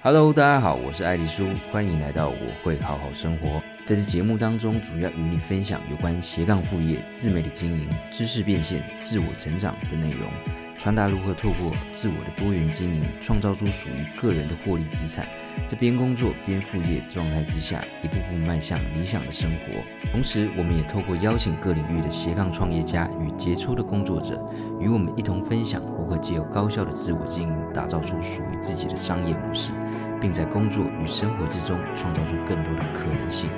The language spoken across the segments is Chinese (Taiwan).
Hello，大家好，我是愛麗叔，歡迎來到我會好好生活。在這節目當中，主要與你分享有關斜槓副業、自媒體經營、知識變現、自我成長的內容，傳達如何透過自我的多元經營，創造出屬於個人的獲利資產，在邊工作邊副業狀態之下，一步步邁向理想的生活。同時，我們也透過邀請各領域的斜槓創業家與傑出的工作者，與我們一同分享如何借由高效的自我經營，打造出屬於自己的商業模式，並在工作與生活之中創造出更多的可能性。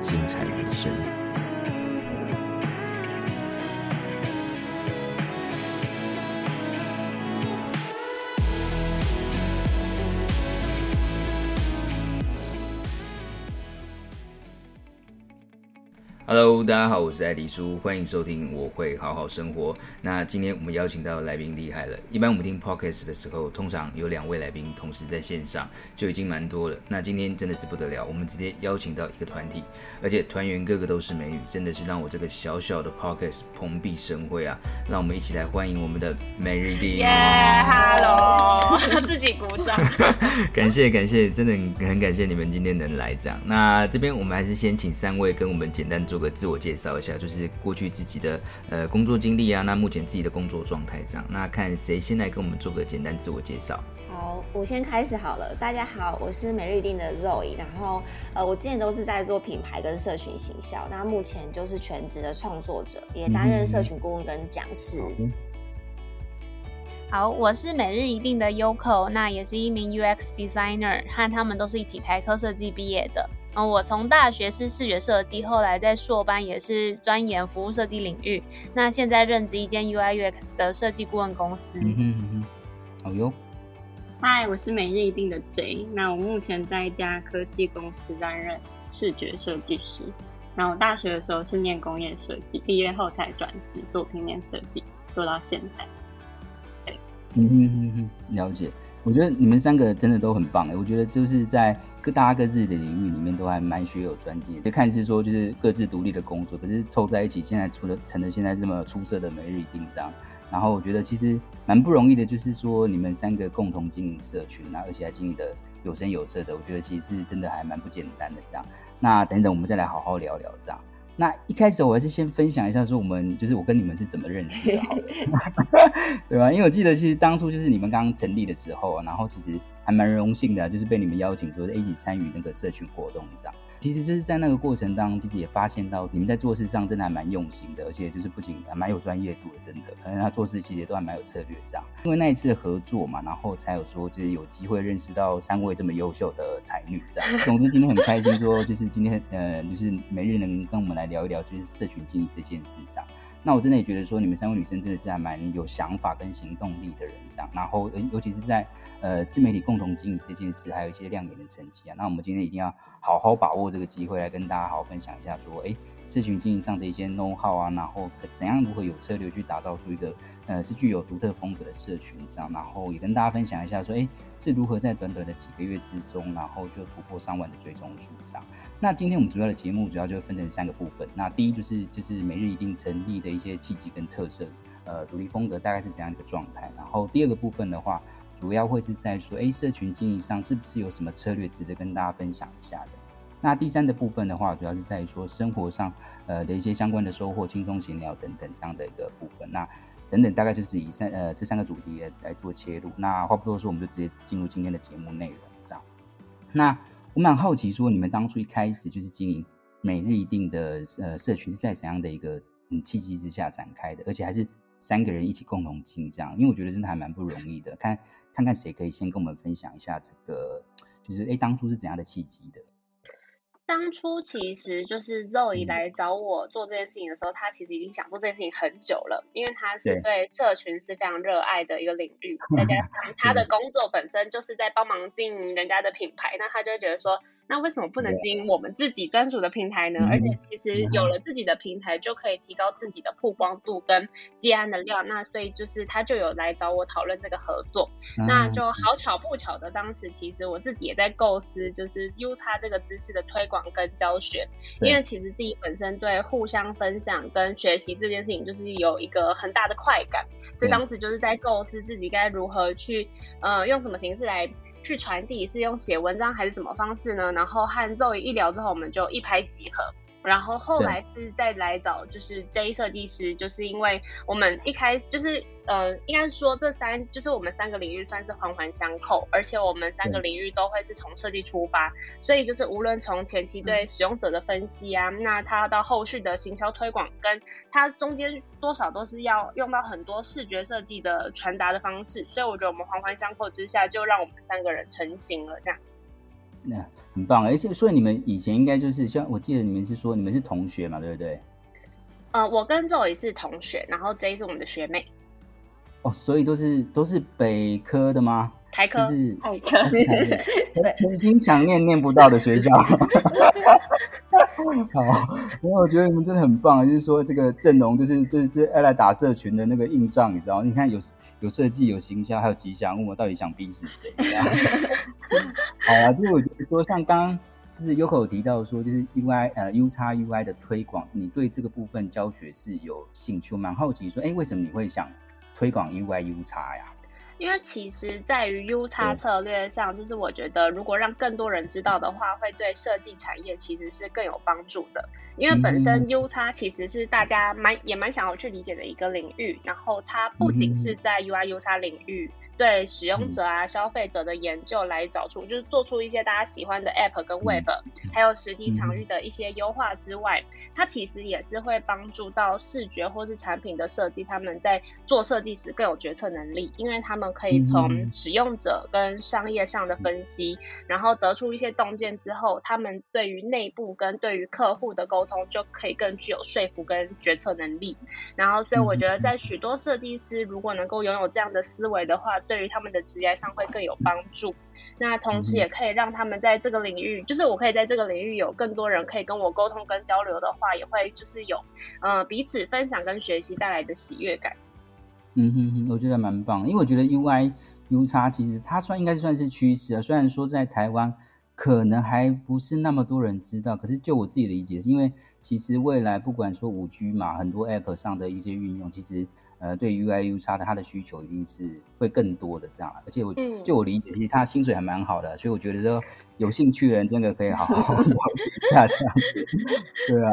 精彩人生。Hello，大家好，我是艾迪叔，歡迎收聽我會好好生活。那今天我們邀請到的來賓厲害了。一般我們聽 Podcast 的時候，通常有兩位來賓同時在線上就已經蠻多了。那今天真的是不得了，我們直接邀請到一個團體，而且團員個個都是美女，真的是讓我這個小小的 Podcast 蓬蓽生輝啊！讓我們一起來歡迎我們的每日 e 錠。耶、yeah，Hello，自己鼓掌。感謝感謝，真的很感謝你們今天能來這樣。那這邊我們還是先請三位跟我們簡單做。做個自我介紹一下，就是過去自己的呃工作經歷啊，那目前自己的工作狀態這樣，那看誰先來跟我們做個簡單自我介紹。好，我先開始好了。大家好，我是每日 e 錠的 Zoe，然後呃我之前都是在做品牌跟社群行銷，那目前就是全職的創作者，也擔任社群顧問跟講師嗯嗯嗯。好，我是每日 e 錠的 Yoko，那也是一名 UX designer，和他們都是一起台科設計畢業的。嗯、我從大學是視覺設計，後來在碩班也是專研服務設計領域。那現在任職一間 UI UX 的設計顧問公司。嗯哼嗯哼，好、哦、喲。嗨，我是每日 e 錠的 J。那我目前在一家科技公司擔任視覺設計師。那我大學的時候是念工業設計，畢業後才轉職做平面設計，做到現在。對。嗯哼，嗯哼，了解。我覺得你們三個真的都很棒、欸、我覺得就是在。各大家各自的領域裡面都還蠻學有專精的。就看似說就是各自獨立的工作，可是湊在一起，現在除了成了現在這麼出色的每日 e 錠這樣。然後我覺得其實蠻不容易的，就是說你們三個共同經營社群，啊，然後而且還經營的有聲有色的，我覺得其實是真的還蠻不簡單的。這樣，那等等我們再來好好聊聊這樣。那一開始我還是先分享一下說我們就是我跟你們是怎麼認識的， 對吧？因為我記得其實當初就是你們剛剛成立的時候，啊，然後其實。還蠻榮幸的，就是被你們邀請，說一起參與那個社群活動這樣。其實就是在那個過程當中，其實也發現到你們在做事上真的還蠻用心的，而且就是不僅還蠻有專業度的，真的。可能他做事其實也都還蠻有策略這樣。因為那一次的合作嘛，然後才有說就是有機會認識到三位這麼優秀的才女這樣。總之今天很開心，說就是今天 呃，就是每日能跟我們來聊一聊就是社群經營這件事這樣。那我真的也覺得說，你們三位女生真的是還蠻有想法跟行動力的人這樣，然後，尤其是在呃自媒體共同經營這件事，還有一些亮眼的成績啊，那我們今天一定要好好把握這個機會來跟大家好好分享一下說，欸。社群經營上的一些 know how 啊，然後怎樣如何有策略去打造出一個呃是具有獨特風格的社群這樣，然後也跟大家分享一下說，哎，是如何在短短的幾個月之中，然後就突破上萬的追蹤數這樣。那今天我們主要的節目主要就分成三個部分，那第一就是就是每日 e 錠成立的一些契機跟特色，呃，獨立風格大概是怎樣一個狀態。然後第二個部分的話，主要會是在說，哎，社群經營上是不是有什麼策略值得跟大家分享一下的？那第三的部分的話，主要是在於說生活上，呃的一些相關的收穫、輕鬆閒聊等等這樣的一個部分。那等等，大概就是以三呃這三個主題來來做切入。那話不多說，我們就直接進入今天的節目內容。這樣。那我蠻好奇說，說你們當初一開始就是經營每日 e 錠的呃社群，是在怎樣的一個、嗯、契機之下展開的？而且還是三個人一起共同經營這樣，因為我覺得真的還蠻不容易的。看，看看誰可以先跟我們分享一下這個，就是哎、欸、當初是怎樣的契機的？當初其實就是 Zoe 來找我做這件事情的時候，嗯、他其實已經想做這件事情很久了，因為他是對社群是非常熱愛的一個領域，再加上他的工作本身就是在幫忙經營人家的品牌、嗯，那他就會覺得說，那為什麼不能經營我們自己專屬的平台呢、嗯？而且其實有了自己的平台，就可以提高自己的曝光度跟接安的量、嗯。那所以就是他就有來找我討論這個合作、嗯。那就好巧不巧的，當時其實我自己也在構思，就是 U 差這個知識的推廣。跟教學，因為其實自己本身對互相分享跟學習這件事情，就是有一個很大的快感，所以當時就是在構思自己該如何去，呃，用什麼形式來去傳遞，是用寫文章還是什麼方式呢？然後和 Zoe 一聊之後，我們就一拍即合。然後後來是再來找就是 J 設計師，就是因為我們一開始就是呃，應該說這三就是我們三個領域算是環環相扣，而且我們三個領域都會是從設計出發，所以就是無論從前期對使用者的分析啊，那他到後續的行銷推廣，跟它中間多少都是要用到很多視覺設計的傳達的方式，所以我覺得我們環環相扣之下，就讓我們三個人成型了這樣。那、嗯、很棒，而、欸、且所以你們以前應該就是像我記得你們是說你們是同學嘛，對不對？呃，我跟周宇是同學，然後 J 是我們的學妹。哦，所以都是都是北科的嗎？台科、就是，台科，真的曾經想念念不到的學校。好，因為我覺得你們真的很棒，就是說這個陣容、就是，就是這這、就是、要來打社群的那個硬仗。你知道你看有有設計，有行銷，還有吉祥物，我到底想逼死誰？好啊，就是我覺得說，像剛就是優客有提到說，就是 U I 呃 U X U I 的推廣，你對這個部分教學是有興趣，我蠻好奇說，哎、欸，為什麼你會想推廣 U I U X 呀、啊？因為其實在於 UX 策略上，嗯，就是我覺得如果讓更多人知道的話，會對設計產業其實是更有幫助的。因為本身 UX 其實是大家蠻也蠻想要去理解的一個領域，然後它不僅是在 UI UX 領域。嗯對使用者啊、消費者的研究來找出，就是做出一些大家喜歡的 App 跟 Web，還有實體場域的一些優化之外，它其實也是會幫助到視覺或是產品的設計，他們在做設計時更有決策能力，因為他們可以從使用者跟商業上的分析，然後得出一些洞見之後，他們對於內部跟對於客戶的溝通就可以更具有說服跟決策能力。然後，所以我覺得在許多設計師如果能夠擁有這樣的思維的話，對於他們的職業上會更有幫助，那同時也可以讓他們在這個領域、嗯，就是我可以在這個領域有更多人可以跟我溝通跟交流的話，也會就是有呃彼此分享跟學習帶來的喜悅感。嗯哼，哼，我覺得蠻棒，因為我覺得 UI U 叉其實它算應該算是趨勢了、啊。雖然說在台灣可能還不是那麼多人知道，可是就我自己理解，因為其實未來不管說五 G 嘛，很多 App 上的一些運用，其實。呃，對於 UIUX 的，他的需求一定是會更多的這樣，而且我，就我理解，其實他薪水還蠻好的、嗯，所以我覺得說有興趣的人真的可以好好往下 這，這，這樣。對啊，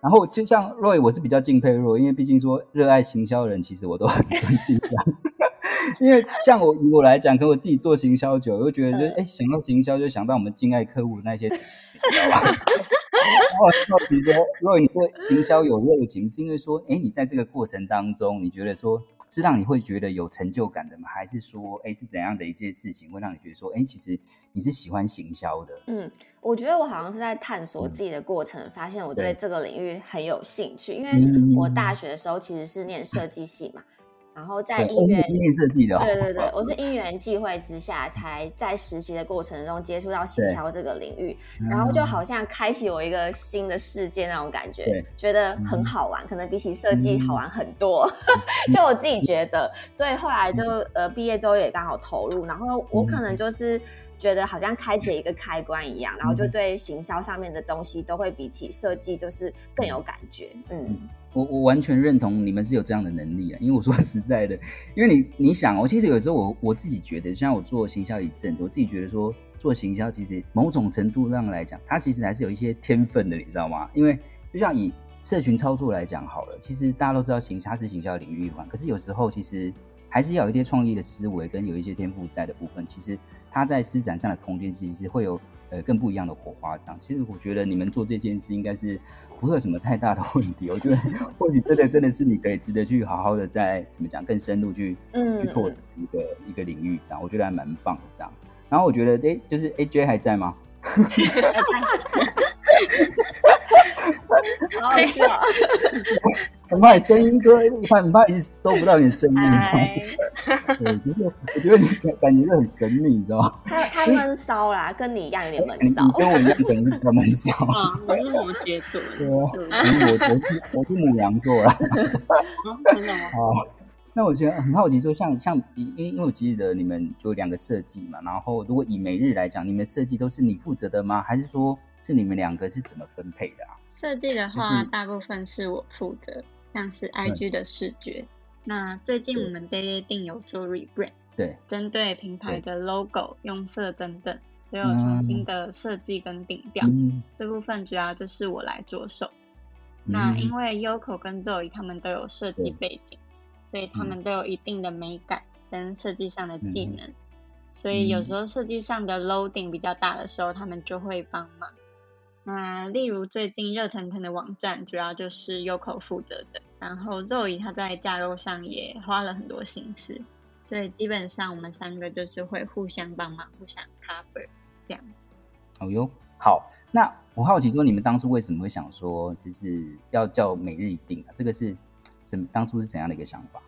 然後就像 Roy，我是比較敬佩 Roy，因為畢竟說熱愛行銷的人，其實我都很尊敬他。 因為像我以我來講，可我自己做行銷久我又覺得就哎、是、想到行銷就想到我們敬愛客戶的那些，你知道吧？如果你接。如果你對行銷有熱情，是因為說，哎、欸，你在這個過程當中，你覺得說是讓你會覺得有成就感的嗎？還是說，哎、欸，是怎樣的一件事情會讓你覺得說，哎、欸，其實你是喜歡行銷的？嗯，我覺得我好像是在探索自己的過程，嗯、發現我對這個領域很有興趣，因為我大學的時候其實是念設計系嘛。嗯嗯然後在音樂，音樂設計的、哦，對對對，我是因緣際會之下， 才在實習的過程中接觸到行銷這個領域，然後就好像開啟我一個新的世界那種感覺，覺得很好玩、嗯，可能比起設計好玩很多，嗯、 就我自己覺得，嗯、所以後來就、嗯、呃畢業之後也剛好投入，然後我可能就是。嗯嗯覺得好像開啟了一個開關一樣，然後就對行銷上面的東西都會比起設計就是更有感覺。嗯，嗯我我完全認同你們是有這樣的能力啊，因為我說實在的，因為你你想，喔，我其實有時候我我自己覺得，像我做行銷一陣子，我自己覺得說做行銷其實某種程度上來講，它其實還是有一些天分的，你知道嗎？因為就像以社群操作來講好了，其實大家都知道行銷是行銷領域一環，可是有時候其實還是有一些創意的思維跟有一些天賦在的部分，其實。他在施展上的空間其實是會有呃更不一樣的火花，這樣。其實我覺得你們做這件事應該是不會有什麼太大的問題。我覺得或許真的真的是你可以值得去好好的在怎麼講更深入去嗯去做一個一個領域這樣，我覺得還蠻棒的這樣。然後我覺得哎、欸，就是 AJ 還在嗎？哈哈哈怕聲音哥、就是，怕你怕你，怕你收不到你的聲音，你知道嗎？對，就是我覺得你感覺是很神秘，你知道嗎？他他悶騷啦，跟你一樣有點悶騷，你你你跟我一樣有點有點悶騷啊，我是摩羯座。我、啊、我是、啊、我是牡羊座啦。哦、嗯嗯，那我覺得很好奇說，說像像因為因為我記得你們就兩個設計嘛，然後如果以每日來講，你們設計都是你負責的嗎？還是說，是你們兩個是怎麼分配的啊？設計的話、就是，大部分是我負責。像是 I G 的視覺，那最近我們 Daily 錠有做 rebrand，對，針對品牌的 logo、用色等等都有重新的設計跟定調、嗯，這部分主要就是我來着手。嗯、那因為 Yoko 跟 Zoe 他們都有設計背景，所以他們都有一定的美感跟設計上的技能、嗯，所以有時候設計上的 loading 比較大的時候，他們就會幫忙。嗯，例如最近熱騰騰的網站，主要就是 Yoko 負責的，然後 Zoe 他在架構上也花了很多心思，所以基本上我們三個就是會互相幫忙、互相 cover 這樣。哦喲，好，那我好奇說，你們當初為什麼會想說就是要叫每日 e 錠啊？這個是什麼當初是怎樣的一個想法？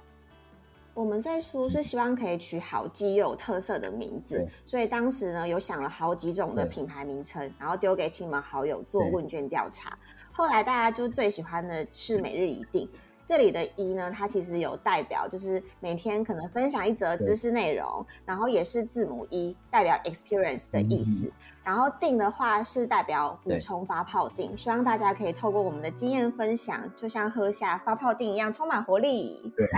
我們最初是希望可以取好記又有特色的名字，所以當時呢，有想了好幾種的品牌名稱，然後丟給親朋好友做問卷調查，後來大家就最喜歡的是每日 e 錠。這裡的一呢，它其實有代表，就是每天可能分享一則知識內容，然後也是字母一代表 experience 的意思、嗯。然後定的話是代表補充發泡定，希望大家可以透過我們的經驗分享，就像喝下發泡定一樣，充滿活力。對，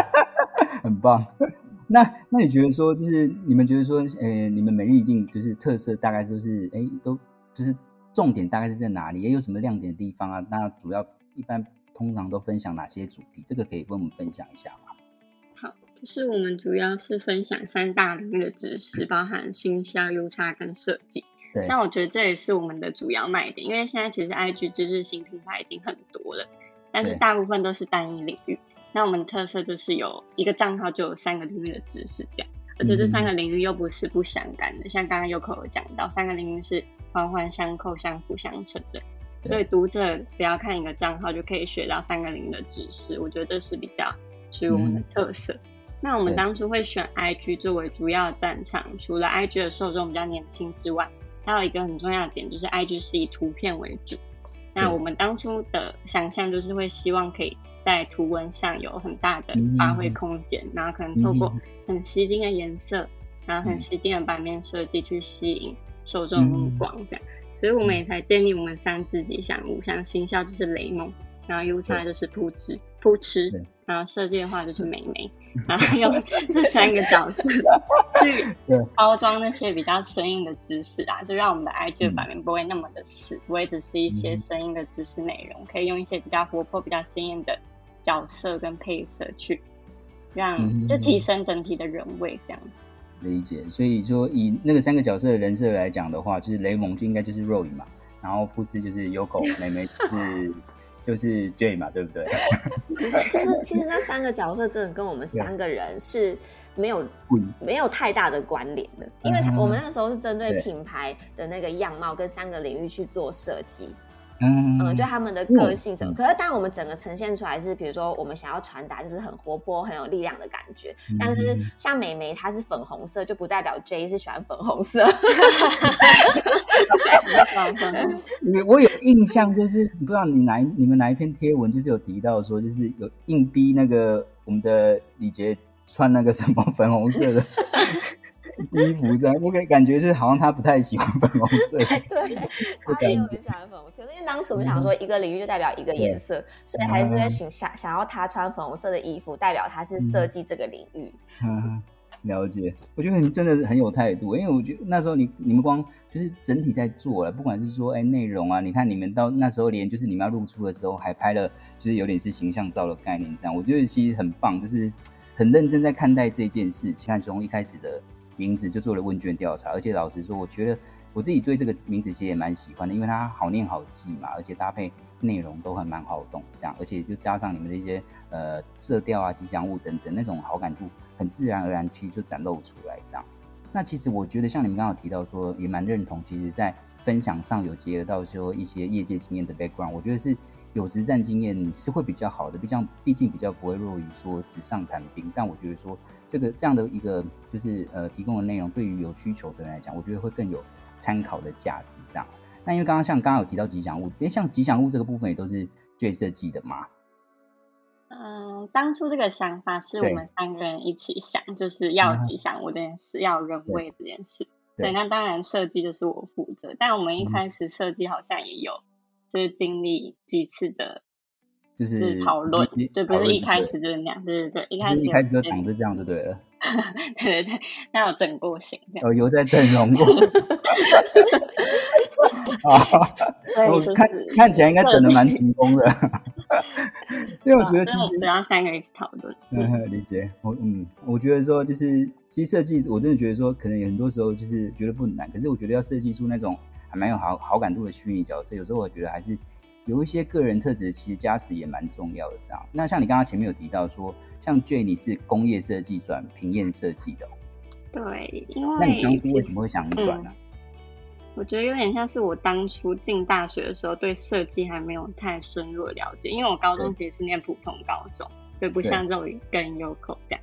很棒。 那那你覺得說，就是你們覺得說，呃，你們每日一定就是特色，大概就是誒，都就是重點，大概是在哪裡？也有什麼亮點的地方啊？那主要一般。通常都分享哪些主題？這個可以跟我們分享一下嗎？好，就是我們主要是分享三大領域的知識，包含行銷、UX 跟設計。對、嗯。那我覺得這也是我們的主要賣點，因為現在其實 IG 知識型平台已經很多了，但是大部分都是單一領域。那我們特色就是有一個賬號就有三個領域的知識，這樣，而且這三個領域又不是不相干的，嗯嗯，像剛剛 Yoko 有講到，三個領域是環環相扣、相輔相成的。所以讀者只要看一個賬號，就可以學到三個零的知識。我覺得這是比較屬於我們的特色。嗯、那我們當初會選 IG 作為主要的戰場，除了 IG 的受眾比較年輕之外，還有一個很重要的點就是 IG 是以圖片為主。那我們當初的想象就是會希望可以在圖文上有很大的發揮空間，嗯，然後可能透過很吸睛的顏色，嗯，然後很吸睛的版面設計去吸引受眾目光，嗯、這樣。所以我們也才建立我們三隻吉祥物，像行銷就是雷蒙，然後 U 叉就是噗哧噗哧，Puch, 然後設計的話就是美眉，然後用這三個角色去 包裝那些比較生硬的知識啊，就讓我們的 IG 版面不會那麼的死，嗯、不會只是一些生硬的知識內容，可以用一些比較活潑、比較鮮豔的角色跟配色去讓嗯嗯嗯，就提升整體的人味這樣理解，所以說以那個三個角色的人設來講的話，就是雷蒙就應該就是 Roy 嘛，然後富智就是 Yoko，美美是 就是 Jay 嘛，對不對？就是其實那三個角色真的跟我們三個人是沒有沒有太大的關聯的，因為他我們那時候是針對品牌的那個樣貌跟三個領域去做設計。嗯嗯，就他們的個性什麼，嗯、可是當我們整個呈現出來是，嗯、比如說我們想要傳達就是很活潑、很有力量的感覺，嗯、但是像美眉她是粉紅色，就不代表 J 是喜歡粉紅色。 我有印象，就是不知道你哪你們哪一篇貼文，就是有提到說，就是有硬逼那個我們的李杰穿那個什麼粉紅色的。 衣服這樣，我感覺是好像他不太喜歡粉紅色。 對，他也很喜歡粉紅色。 因為當時我們想說，一個領域就代表一個顏色，嗯，所以還是想想，嗯、想要他穿粉紅色的衣服，代表他是設計這個領域、嗯啊。了解。我覺得你真的很有態度，因為我覺得那時候你你們光就是整體在做了，不管是說哎內、欸、容啊，你看你們到那時候連就是你們要露出的時候還拍了，就是有點是形象照的概念這樣。我覺得其實很棒，就是很認真在看待這件事情。從一開始的名字就做了問卷調查，而且老實說，我覺得我自己對這個名字其實也蠻喜歡的，因為它好念好記嘛，而且搭配內容都很蠻好懂這樣，而且就加上你們的一些呃色調啊、吉祥物等等那種好感度，很自然而然去就展露出來這樣。那其實我覺得像你們剛好提到說，也蠻認同，其實，在分享上有結合到說一些業界經驗的 background，我覺得是。有實戰經驗是會比較好的，比較畢竟比較不會弱於說紙上談兵。但我覺得說這個這樣的一個就是呃提供的內容，對於有需求的人來講，我覺得會更有參考的價值。這樣。那因為剛剛像剛剛有提到吉祥物，連、欸、像吉祥物這個部分也都是最設計的嗎？嗯，當初這個想法是我們三個人一起想，就是要吉祥物這件事，啊、要人為這件事。對，對那當然設計就是我負責，但我們一開始設計好像也有。嗯就是經歷幾次的，就是討論，就是討論就是、不是一開始就是那樣，對對對，對，對，一開始、就是就是、一開始就長著這樣就對，對、嗯、對。對對對，那有整過型，有有在整容過。啊，我看看起來應該整得蠻成功的。 因為我覺得其實只要三個人一起討論，理解我嗯，我覺得說就是其實設計，我真的覺得說可能有很多時候就是覺得不難，可是我覺得要設計出那種還蠻有好好感度的虛擬角色，有時候我覺得還是。有一些個人特質，其實加持也蠻重要的。這樣，那像你剛剛前面有提到說，像 Jenny 是工業設計轉平面設計的。哦，對，因為那你當初為什麼會想轉呢？我覺得有點像是我當初進大學的時候，對設計還沒有太深入的了解，因為我高中其實是念普通高中，所以不像這種更有口感。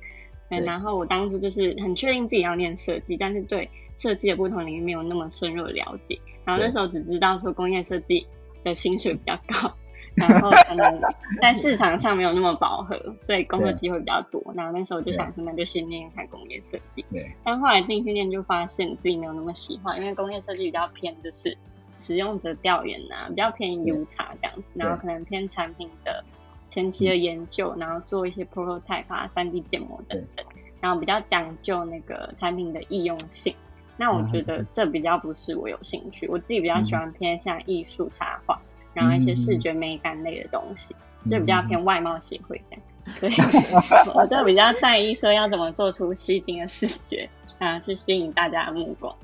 然後我當時就是很確定自己要念設計，但是對設計的不同領域沒有那麼深入的了解。然後那時候只知道說工業設計。的薪水比較高， 然後可能在市場上沒有那麼飽和， 所以工作機會比較多。然後那時候就想說，那就先念看工業設計。對。但後來進去念就發現自己沒有那麼喜歡，因為工業設計比較偏就是使用者調研吶、啊，比較偏 UX 這樣，然後可能偏產品的前期的研究，嗯、然後做一些 prototype 啊、3D 建模等等，然後比較講究那個產品的易用性。那我覺得這比較不是我有興趣，嗯、我自己比較喜歡偏向藝術插畫、嗯，然後一些視覺美感類的東西，嗯、就比較偏外貌協會這樣。嗯、所以 我就比較在意說要怎麼做出吸睛的視覺，啊，去吸引大家的目光。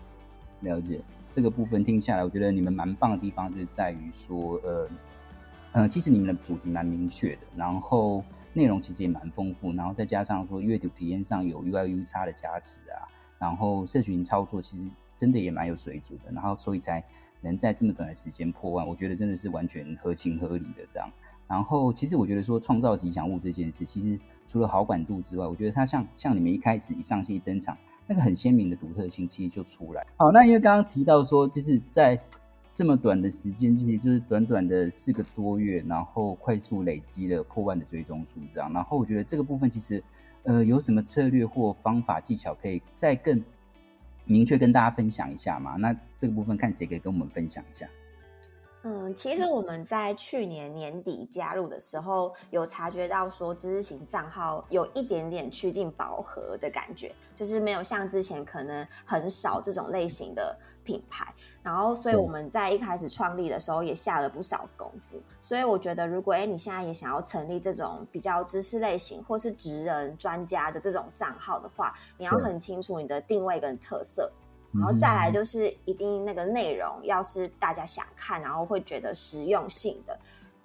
了解，這個部分聽下來，我覺得你們蠻棒的地方就是在於說，呃，嗯、呃，其實你們的主題蠻明確的，然後內容其實也蠻豐富，然後再加上說閱讀體驗上有 UI UX 的加持啊。然後社群操作其實真的也蠻有水準的，然後所以才能在這麼短的時間破萬，我覺得真的是完全合情合理的這樣。然後其實我覺得說創造吉祥物這件事，其實除了好感度之外，我覺得它像像你們一開始一上線一登場，那個很鮮明的獨特性其實就出來。好，那因為剛剛提到說，就是在這麼短的時間，其實就是短短的四個多月，然後快速累積了破萬的追蹤數，這樣。然後我覺得這個部分其實。呃，有什麼策略或方法技巧可以再更明確跟大家分享一下嗎？那這個部分看誰可以跟我們分享一下？嗯，其實我們在去年年底加入的時候，有察覺到說知識型賬號有一點點趨近飽和的感覺，就是沒有像之前可能很少這種類型的。品牌，然後所以我們在一開始創立的時候也下了不少功夫，所以我覺得如果誒你現在也想要成立這種比較知識類型或是職人專家的這種賬號的話，你要很清楚你的定位跟特色，然後再來就是一定那個內容要是大家想看，然後會覺得實用性的。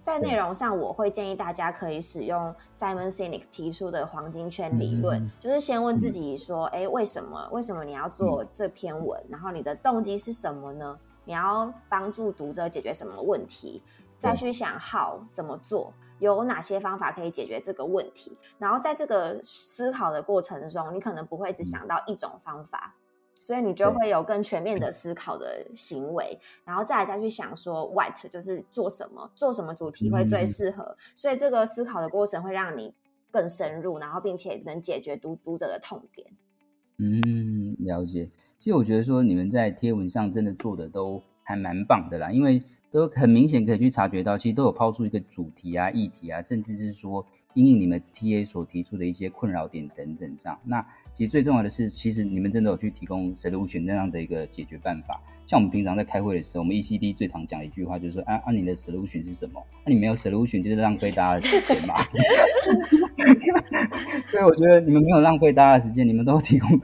在內容上，我會建議大家可以使用 Simon Sinek 提出的黃金圈理論，嗯，就是先問自己說：哎、嗯欸，為什麼？為什麼你要做這篇文？嗯、然後你的動機是什麼呢？你要幫助讀者解決什麼問題？嗯、再去想好怎麼做，有哪些方法可以解決這個問題？然後在這個思考的過程中，你可能不會只想到一種方法。所以你就會有更全面的思考的行為，然後再來再去想說，what 就是做什麼，做什麼主題會最適合。嗯，所以這個思考的過程會讓你更深入，然後並且能解決讀讀者的痛點。嗯，了解。其實我覺得說你們在貼文上真的做的都還蠻棒的啦，因為。都很明顯可以去察覺到，其實都有拋出一個主題啊、議題啊，甚至是說因應你們 TA 所提出的一些困擾點等等這樣。那其實最重要的是，其實你們真的有去提供 solution 那樣的一個解決辦法。像我們平常在開會的時候，我們 ECD 最常講一句話就是說，啊，那、啊、你的 solution 是什麼？那、啊、你沒有 solution 就是浪費大家的時間嘛。 所以我覺得你們沒有浪費大家的時間，你們都提供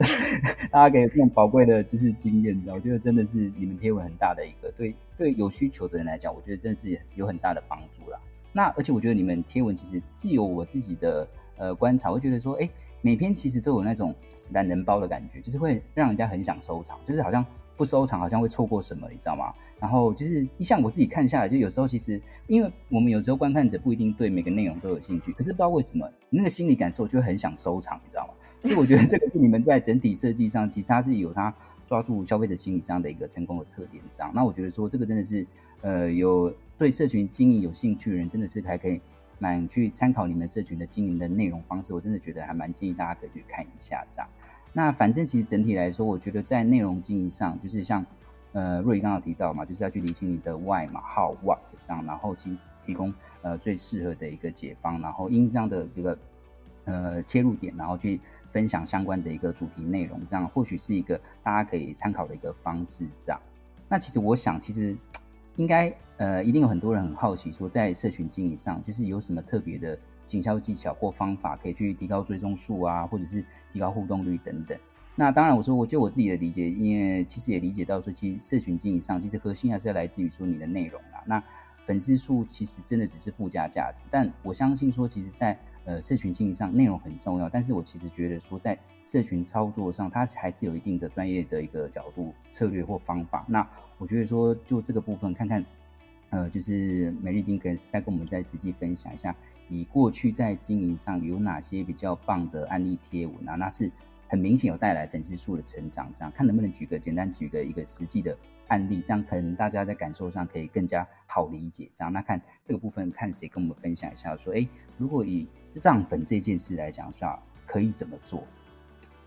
大家給這種寶貴的就是經驗，你知道？我覺得真的是你們貼文很大的一個，對對有需求的人來講，我覺得真的是有很大的幫助啦。那而且我覺得你們貼文其實，既有我自己的呃觀察，我覺得說，哎、欸，每篇其實都有那種懶人包的感覺，就是會讓人家很想收藏，就是好像。不收藏好像會錯過什麼，你知道嗎？然後就是，一向我自己看下來，就有時候其實，因為我們有時候觀看者不一定對每個內容都有興趣，可是不知道為什麼，那個心理感受就很想收藏，你知道嗎？所以我覺得這個是你們在整體設計上，其實他自己有他抓住消費者心理上的一個成功的特點，這樣。那我覺得說這個真的是，呃，有對社群經營有興趣的人，真的是還可以蠻去參考你們社群的經營的內容方式。我真的覺得還蠻建議大家可以去看一下這樣。那反正其實整體來說，我覺得在內容經營上，就是像，呃，瑞剛剛提到嘛，就是要去理清你的 why 嘛、how what、what 這樣，然後提提供呃最適合的一個解方，然後因這樣的一個呃切入點，然後去分享相關的一個主題內容，這樣或許是一個大家可以參考的一個方式。這樣，那其實我想，其實應該呃一定有很多人很好奇，說在社群經營上，就是有什麼特別的。行銷技巧或方法可以去提高追蹤數啊，或者是提高互動率等等。那當然，我說我就我自己的理解，因為其實也理解到說，其實社群經營上其實核心還是要來自於說你的內容啊。那粉絲數其實真的只是附加價值，但我相信說，其實在呃社群經營上內容很重要，但是我其實覺得說，在社群操作上它還是有一定的專業的一個角度策略或方法。那我覺得說，就這個部分看看，呃，就是每日 e 錠再跟我們再實際分享一下，你過去在經營上有哪些比較棒的案例貼文啊？那是很明顯有帶來粉絲數的成長，這樣看能不能舉個簡單舉個一個實際的案例，這樣可能大家在感受上可以更加好理解。這樣，那看這個部分，看誰跟我們分享一下，說哎、欸，如果以漲粉這件事來講，算可以怎麼做？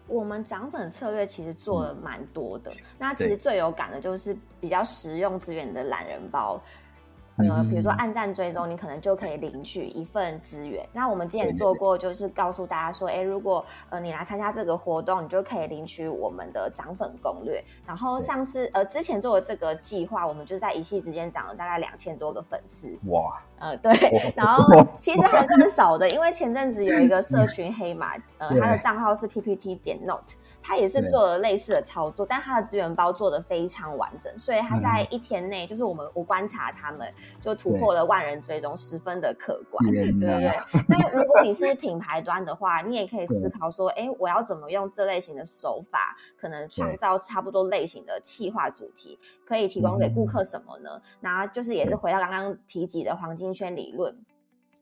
我們漲粉策略其實做了蠻多的，嗯，那其實最有感的就是比較實用資源的懶人包。呃，比如說按讚追蹤，你可能就可以領取一份資源。那我們之前做過，就是告訴大家說，對對對，誒，如果呃你來參加這個活動，你就可以領取我們的漲粉攻略。然後上次呃之前做的這個計劃，我們就在一夕之間漲了大概兩千多個粉絲。哇！呃，對，然後其實還是很少的，因為前陣子有一個社群黑馬，嗯、呃，他的賬號是 PPT 點 Note。他也是做了類似的操作，但他的資源包做得非常完整，所以他在一天內，嗯、就是我們我觀察他們就突破了萬人追蹤，十分的可觀，對不對？那如果你是品牌端的話， 你也可以思考說，誒，我要怎麼用這類型的手法，可能創造差不多類型的企劃主題，可以提供給顧客什麼呢？然、嗯、後就是也是回到剛剛提及的黃金圈理論。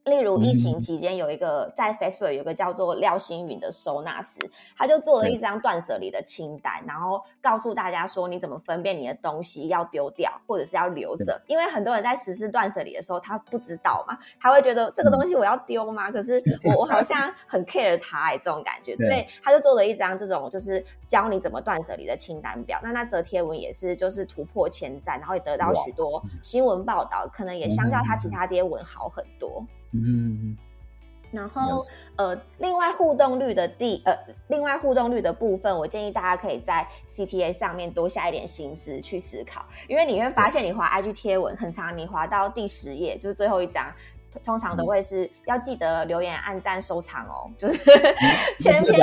例如疫情期間，有一個在 Facebook 有一個叫做廖星云的收納師，他就做了一張斷捨離的清單，然後告訴大家說你怎麼分辨你的東西要丟掉或者是要留着，因為很多人在實施斷捨離的時候，他不知道嘛，他會覺得這個東西我要丟嗎？可是我我好像很 care 他哎，這種感覺，所以他就做了一張這種就是教你怎麼斷捨離的清單表。那那則貼文也是就是突破千讚，然後也得到許多新聞報道，可能也相較他其他貼文好很多。嗯， 然後呃，另外互動率的第呃，另外互動率的部分，我建議大家可以在 CTA 上面多下一點心思去思考，因為你會發現，你滑 IG 貼文 很長，你滑到第十頁就是最後一張。通常都會是要記得留言、按讚、收藏哦、嗯，就是千篇，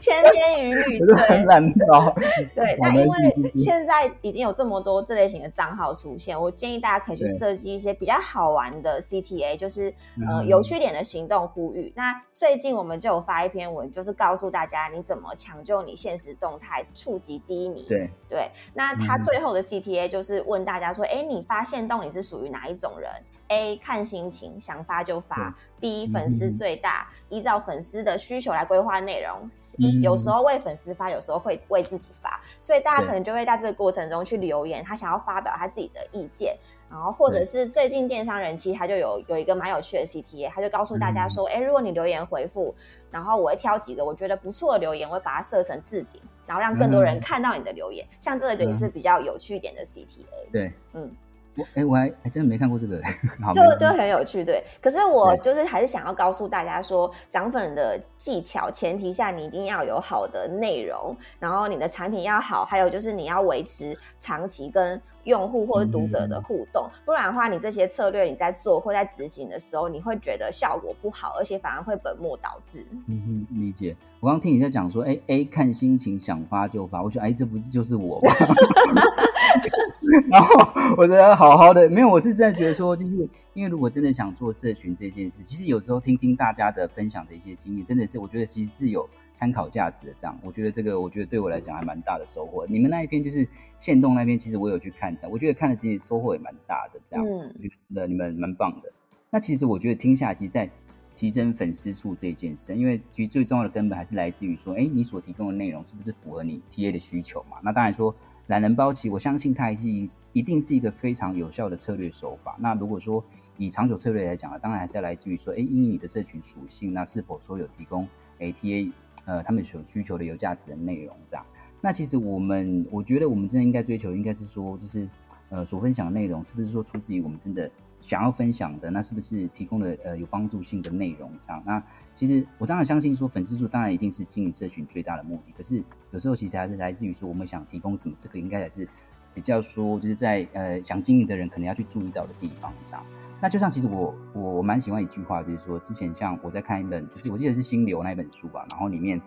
千、啊、 篇一律，就是很難哦。對，那因為現在已經有這麼多這類型的賬號出現，我建議大家可以去設計一些比較好玩的 CTA，就是呃有趣點的行動呼籲、嗯。那最近我們就有發一篇文，就是告訴大家你怎麼搶救你限時動態觸及低迷。對對、嗯，那他最後的 CTA 就是問大家說：“哎，你發現洞你是屬於哪一種人？” A 看心情想發就發，B 粉絲最大、嗯，依照粉絲的需求來規劃內容、嗯。C 有時候為粉絲發，有時候會為自己發，所以大家可能就會在這個過程中去留言，他想要發表他自己的意見，然後或者是最近電商人氣，他就有有一個蠻有趣的 CTA，他就告訴大家說，哎、嗯欸，如果你留言回覆，然後我會挑幾個我覺得不錯的留言，我會把它設成置頂，然後讓更多人看到你的留言。嗯、像這個也是比較有趣一點的 CTA。對，嗯。哎、欸，我還還真的沒看過這個，好就就很有趣，對。可是我就是還是想要告訴大家說，漲粉的技巧前提下，你一定要有好的內容，然後你的產品要好，還有就是你要維持長期跟用戶或者讀者的互動，嗯哼嗯哼，不然的話，你這些策略你在做或在執行的時候，你會覺得效果不好，而且反而會本末倒置。嗯嗯，理解。我剛剛聽你在講說，哎、欸、哎、欸，看心情想發就發，我覺得哎、欸，這不就是我嗎？ 然後我覺得好好的，沒有，我是真的覺得說，就是因為如果真的想做社群這件事，其實有時候聽聽大家的分享的一些經驗，真的是我覺得其實是有參考價值的。這樣，我覺得這個我覺得對我來講還蠻大的收穫。你們那一篇就是限動那邊，其實我有去看，這樣我覺得看了其實收穫也蠻大的。這樣，嗯，那你們蠻棒的。那其實我覺得聽下來，其實在提升粉絲數這一件事，因為其實最重要的根本還是來自於說，哎、欸，你所提供的內容是不是符合你 TA 的需求嘛？那當然說。懶人包起，我相信它還是一定是一個非常有效的策略手法。那如果說以長久策略來講啊，當然還是要來自於說，哎、欸，因為你的社群屬性，那是否說有提供 ATA 呃他們所需求的有價值的內容，這樣。那其實我們，我覺得我們真的應該追求，應該是說，就是呃所分享的內容，是不是說出自於我們真的。想要分享的，那是不是提供了呃有幫助性的內容？這樣。那其實我當然相信說粉絲數當然一定是經營社群最大的目的，可是有時候其實還是來自於說我們想提供什麼，這個應該也是比較說就是在呃想經營的人可能要去注意到的地方。這樣，那就像其實我我我蠻喜歡一句話，就是說之前像我在看一本，就是我記得是《心流》那一本書吧，然後裡面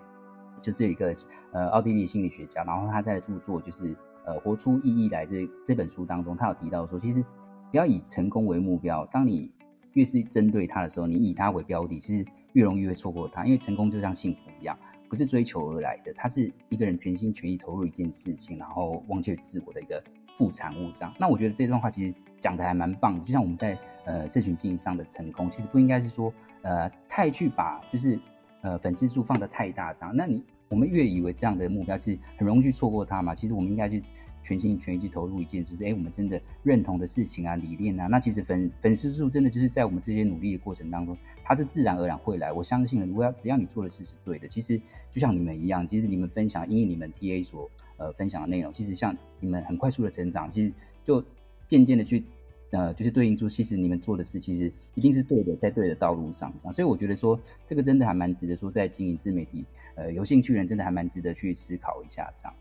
就是有一個呃奧地利心理學家，然後他在著作就是呃活出意義來這這本書當中，他有提到說其實。不要以成功為目標。當你越是針對他的時候，你以他為標的，其實越容易會錯過他。因為成功就像幸福一樣，不是追求而來的，它是一個人全心全意投入一件事情，然後忘卻自我的一個副產物。這樣，那我覺得這段話其實講得還蠻棒的。就像我們在呃社群經營上的成功，其實不應該是說呃太去把就是呃粉絲數放得太大，這樣。那你我們越以為這樣的目標是很容易去錯過他嘛？其實我們應該去。全心全意去投入一件，就是誒、欸、我們真的認同的事情啊、理念啊，那其實粉粉絲數真的就是在我們這些努力的過程當中，它是自然而然會來。我相信了，如果要只要你做的事是對的，其實就像你們一樣，其實你們分享，因為你們 TA 所呃分享的內容，其實像你們很快速的成長，其實就漸漸的去呃就是對應出，其實你們做的事其實一定是對的，在對的道路上。這樣。所以我覺得說這個真的還蠻值得說，在經營自媒體呃有興趣的人真的還蠻值得去思考一下這樣。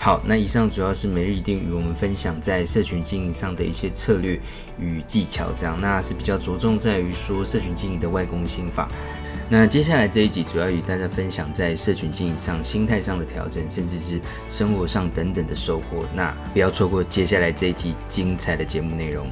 好，那以上主要是每日 e 錠與我們分享在社群經營上的一些策略與技巧，這樣，那是比較着重在於說社群經營的外功心法。那接下來這一集主要與大家分享在社群經營上心態上的調整，甚至是生活上等等的收穫。那不要錯過接下來這一集精彩的節目內容。